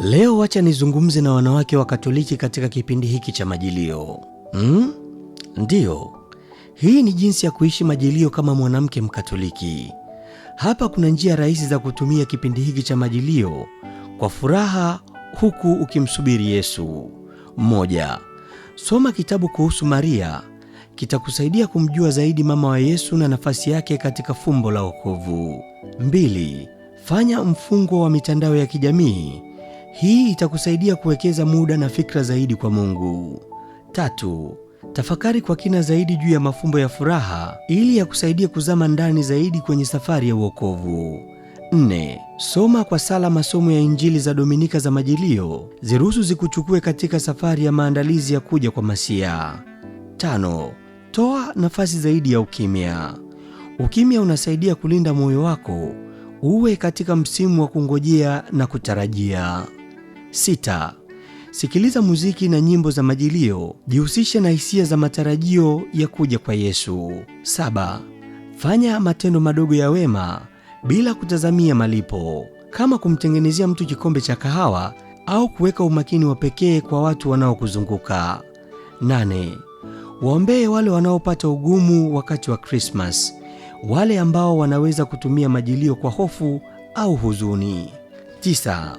Leo wacha nizungumze na wanawake wa Katoliki katika kipindi hiki cha majilio Hmm? Ndiyo, hii ni jinsi ya kuishi majilio kama mwanamke Mkatoliki. Hapa kuna njia rahisi za kutumia kipindi hiki cha majilio kwa furaha huku ukimsubiri Yesu. Moja, soma kitabu kuhusu Maria, kitakusaidia kumjua zaidi mama wa Yesu na nafasi yake katika fumbo la wokovu. Mbili, fanya mfungo wa mitandao ya kijamii hii itakusaidia kuwekeza muda na fikra zaidi kwa Mungu. Tatu, tafakari kwa kina zaidi juu ya mafumbo ya furaha ili yakusaidie kuzama ndani zaidi kwenye safari ya uokovu. Nne, soma kwa sala masomo ya Injili za Dominika za Majilio, ziruhusu zikuchukue katika safari ya maandalizi ya kuja kwa Masia. Tano, toa nafasi zaidi ya ukimya. Ukimya unasaidia kulinda moyo wako uwe katika msimu wa kungojea na kutarajia. Sita, sikiliza muziki na nyimbo za majilio, jihusishe na hisia za matarajio ya kuja kwa Yesu. Saba, fanya matendo madogo ya wema bila kutazamia malipo, kama kumtengenezea mtu kikombe cha kahawa au kuweka umakini wa pekee kwa watu wanaokuzunguka. Nane, waombee wale wanaopata ugumu wakati wa Krismas, wale ambao wanaweza kutumia majilio kwa hofu au huzuni. Tisa,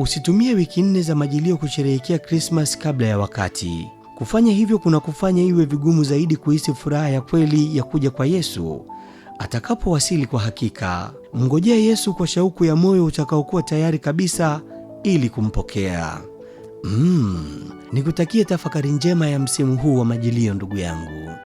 Usitumie wiki nne za majilio kusherehekea Krismas kabla ya wakati. Kufanya hivyo kuna kufanya iwe vigumu zaidi kuhisi furaha ya kweli ya kuja kwa Yesu atakapowasili. Kwa hakika, mgojea Yesu kwa shauku ya moyo utakaokuwa tayari kabisa ili kumpokea. Mm, nikutakie tafakari njema ya msimu huu wa majilio ndugu yangu.